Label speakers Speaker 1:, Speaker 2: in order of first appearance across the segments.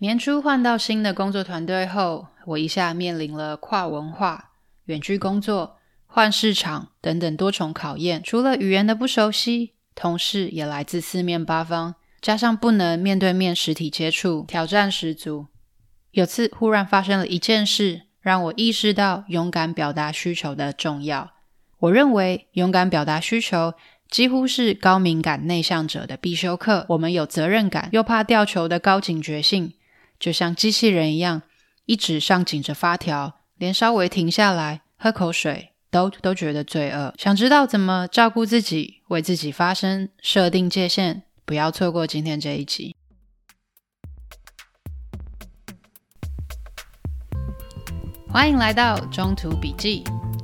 Speaker 1: 年初換到新的工作團隊後，我一下面臨了跨文化、遠距工作、換市場等等多重考驗。除了語言的不熟悉，同事也來自四面八方，加上不能面對面實體接觸，挑戰十足。有次忽然發生了一件事，讓我意識到勇敢表達需求的重要。我認為勇敢表達需求幾乎是高敏感內向者的必修課。我們有責任感，又怕掉球的高警覺性。就像機器人一樣，一直上緊着發條，連稍微停下來，喝口水，都都覺得罪惡。想知道怎麼照顧自己、為自己發聲、設定界限？不要錯過今天這一集。歡迎來到中途筆記。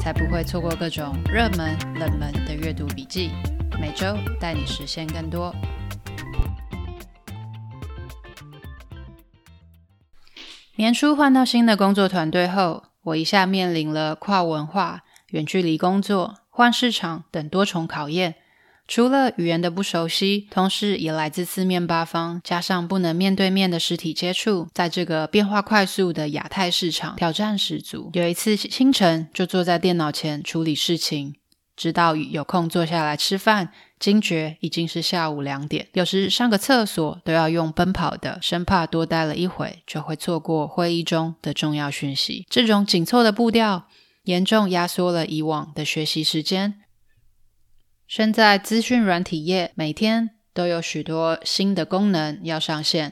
Speaker 1: 才不會錯過各種熱門、冷門的閱讀筆記，每周帶你實現更多。年初換到新的工作團隊後，我一下面臨了跨文化、遠距離工作、換市場等多重考驗。除了語言的不熟悉，同事也來自四面八方，加上不能面對面的實體接觸，在這個變化快速的亞太市場，挑戰十足。有一次清晨就坐在電腦前處理事情，直到有空坐下來吃飯，驚覺已經是下午兩點。有時上個廁所都要用奔跑的，生怕多待了一會就會錯過會議中的重要訊息。這種緊湊的步調，嚴重壓縮了以往的學習時間。現在資訊軟體業，每天都有許多新的功能要上線。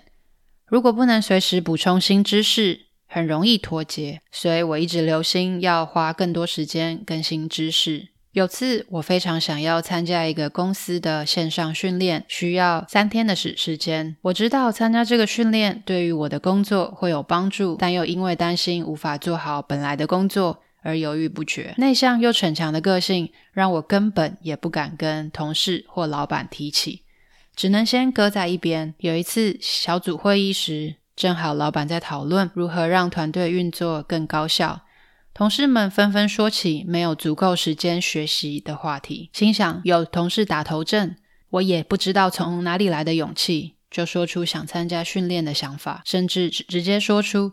Speaker 1: 如果不能隨時補充新知識，很容易脫節。所以我一直留心，要花更多時間更新知識。有次，我非常想要參加一個公司的線上訓練，需要三天的時時間。我知道參加這個訓練對於我的工作會有幫助，但又因為擔心無法做好本來的工作。而猶豫不決。內向又逞強的個性，讓我根本也不敢跟同事或老闆提起，只能先擱在一邊。有一次小組會議時，正好老闆在討論如何讓團隊運作更高效，同事們紛紛說起沒有足夠時間學習的話題。心想有同事打頭陣，我也不知道從哪裡來的勇氣，就說出想參加訓練的想法，甚至直接說出。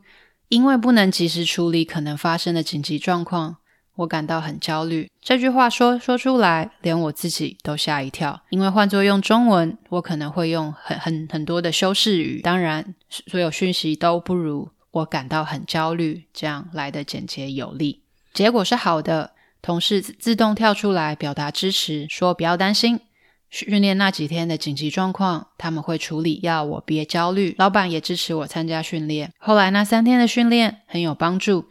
Speaker 1: 因為不能及時處理可能發生的緊急狀況，我感到很焦慮。這句話說說出來，連我自己都嚇一跳。因為換作用中文，我可能會用很很很多的修飾語。當然，所有訊息都不如我感到很焦慮這樣來得簡潔有力。結果是好的，同事自動跳出來表達支持，說不要擔心。訓練那幾天的緊急狀況，他們會處理，要我別焦慮。老闆也支持我參加訓練。後來那三天的訓練很有幫助，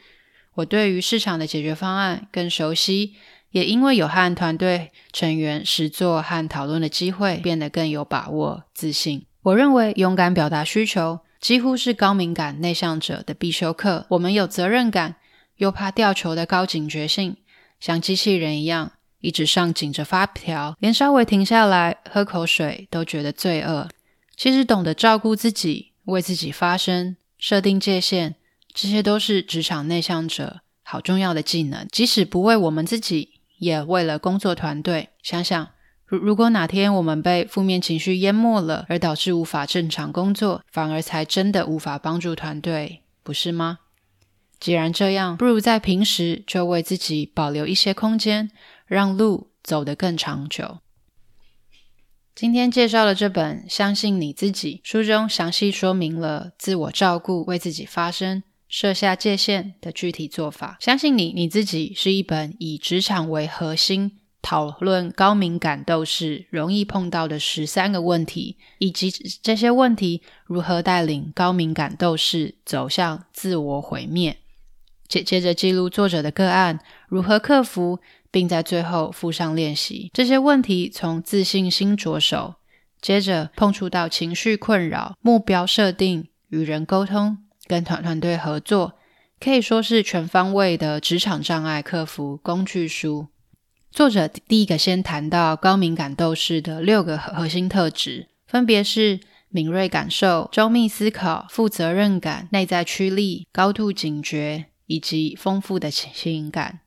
Speaker 1: 我對於市場的解決方案更熟悉，也因為有和團隊成員實作和討論的機會，變得更有把握、自信。我認為勇敢表達需求幾乎是高敏感內向者的必修課。我們有責任感，又怕掉球的高警覺性，像機器人一樣。一直上緊着發條，連稍微停下來，喝口水都覺得罪惡。其實懂得照顧自己、為自己發聲、設定界限，這些都是職場內向者好重要的技能。即使不為我們自己，也為了工作團隊。想想，如如果哪天我們被負面情緒淹沒了，而導致無法正常工作，反而才真的無法幫助團隊，不是嗎？既然這樣，不如在平時就為自己保留一些空間。讓路走得更長久。今天介紹的這本《相信你自己》，書中詳細說明了自我照顧、為自己發聲、設下界限的具體做法。相信你，你自己是一本以職場為核心，討論高敏感鬥士容易碰到的十三個問題，以及這些問題如何帶領高敏感鬥士走向自我毀滅。接接着記錄作者的個案，如何克服。並在最後附上練習。這些問題從自信心着手，接着碰觸到情緒困擾、目標設定、與人溝通、跟團團隊合作，可以說是全方位的職場障礙克服工具書。作者第一個先談到高敏感鬥士的六個核心特質，分別是敏銳感受、周密思考、負責任感、內在驅力、高度警覺以及豐富的情感。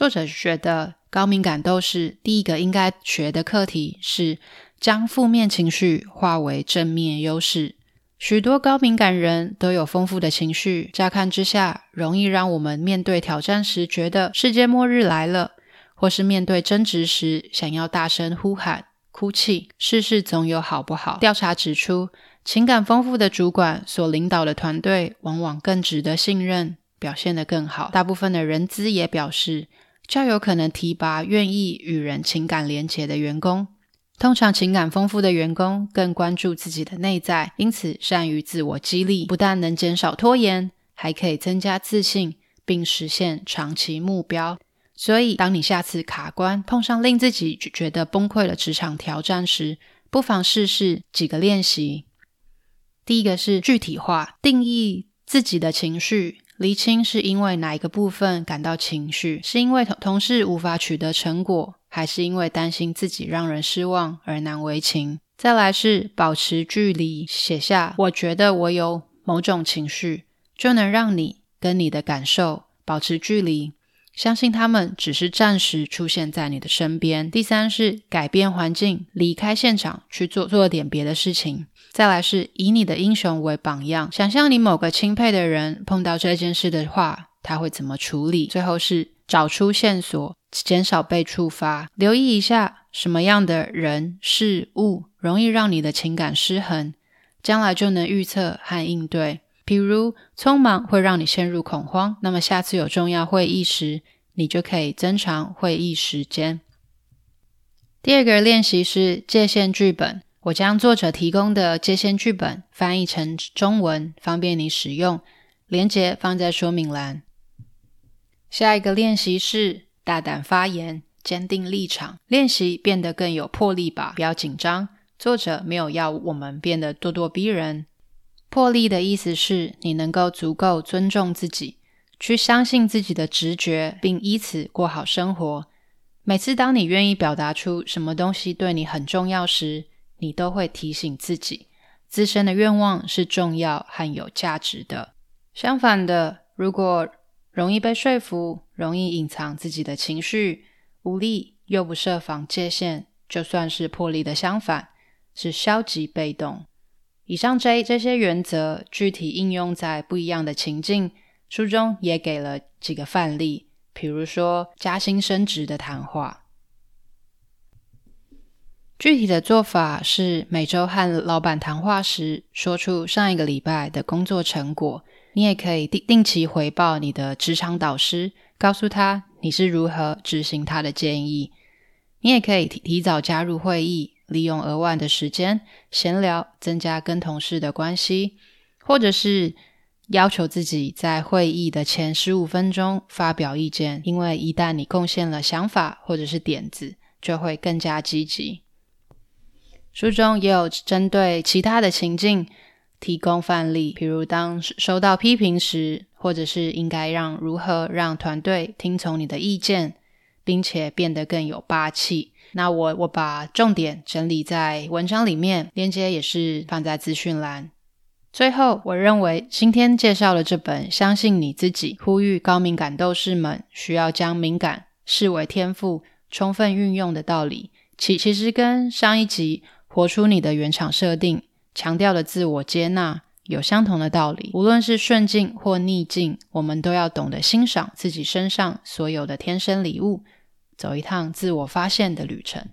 Speaker 1: 作者覺得，高敏感鬥士第一個應該學的課題，是將負面情緒化為正面優勢。許多高敏感人都有豐富的情緒，乍看之下，容易讓我們面對挑戰時覺得世界末日來了，或是面對爭執時想要大聲呼喊、哭泣。世事總有好不好？調查指出，情感豐富的主管所領導的團隊，往往更值得信任，表現得更好。大部分的人資也表示。較有可能提拔願意與人情感連結的員工。通常情感豐富的員工更關注自己的內在，因此善於自我激勵，不但能減少拖延，還可以增加自信，並實現長期目標。所以，當你下次卡關、碰上令自己覺得崩潰的職場挑戰時，不妨試試幾個練習。第一個是具體化，定義自己的情緒。釐清是因為哪一個部分感到情緒？是因為同同事無法取得成果，還是因為擔心自己讓人失望而難為情？再來是保持距離，寫下我覺得我有某種情緒，就能讓你跟你的感受保持距離。相信他們只是暫時出現在你的身邊。第三是改變環境，離開現場，去做做點別的事情。再來是以你的英雄為榜樣，想象你某個欽佩的人碰到這件事的話，他會怎麼處理？最後是找出線索，減少被觸發，留意一下什麼樣的人事物容易讓你的情感失衡，將來就能預測和應對。比如，匆忙會讓你陷入恐慌。那麼，下次有重要會議時，你就可以增長會議時間。第二個練習是界線劇本。我將作者提供的界線劇本翻譯成中文，方便你使用。連接放在說明欄。下一個練習是大膽發言、堅定立場。練習變得更有魄力吧，不要緊張。作者沒有要我們變得咄咄逼人。魄力的意思是你能夠足夠尊重自己，去相信自己的直覺，並依此過好生活。每次當你願意表達出什麼東西對你很重要時，你都會提醒自己，自身的願望是重要和有價值的。相反的，如果容易被說服，容易隱藏自己的情緒，無力又不設防界限，就算是魄力的相反，是消極被動。以上這這些原則具體應用在不一樣的情境，書中也給了幾個範例，比如說加薪升職的談話。具體的做法是每周和老闆談話時，說出上一個禮拜的工作成果。你也可以定定期回報你的職場導師，告訴他你是如何執行他的建議。你也可以提提早加入會議。利用額外的時間閒聊，增加跟同事的關係，或者是要求自己在會議的前十五分鐘發表意見，因為一旦你貢獻了想法或者是點子，就會更加積極。書中也有針對其他的情境提供範例，比如當收到批評時，或者是應該讓如何讓團隊聽從你的意見，並且變得更有霸氣。那我我把重點整理在文章裡面，鏈接也是放在資訊欄。最後，我認為今天介紹了這本《相信你自己》，呼籲高敏感鬥士們需要將敏感視為天賦，充分運用的道理，其其實跟上一集《活出你的原廠設定》強調的自我接納有相同的道理。無論是順境或逆境，我們都要懂得欣賞自己身上所有的天生禮物。走一趟自我發現的旅程。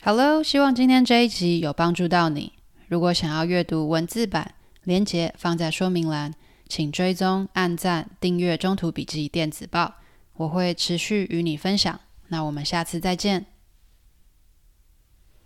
Speaker 1: 哈嘍，希望今天這一集有幫助到你。如果想要閱讀文字版，鏈接放在說明欄，請追蹤、按讚、訂閱《中途筆記電子報》，我會持續與你分享。那我們下次再見。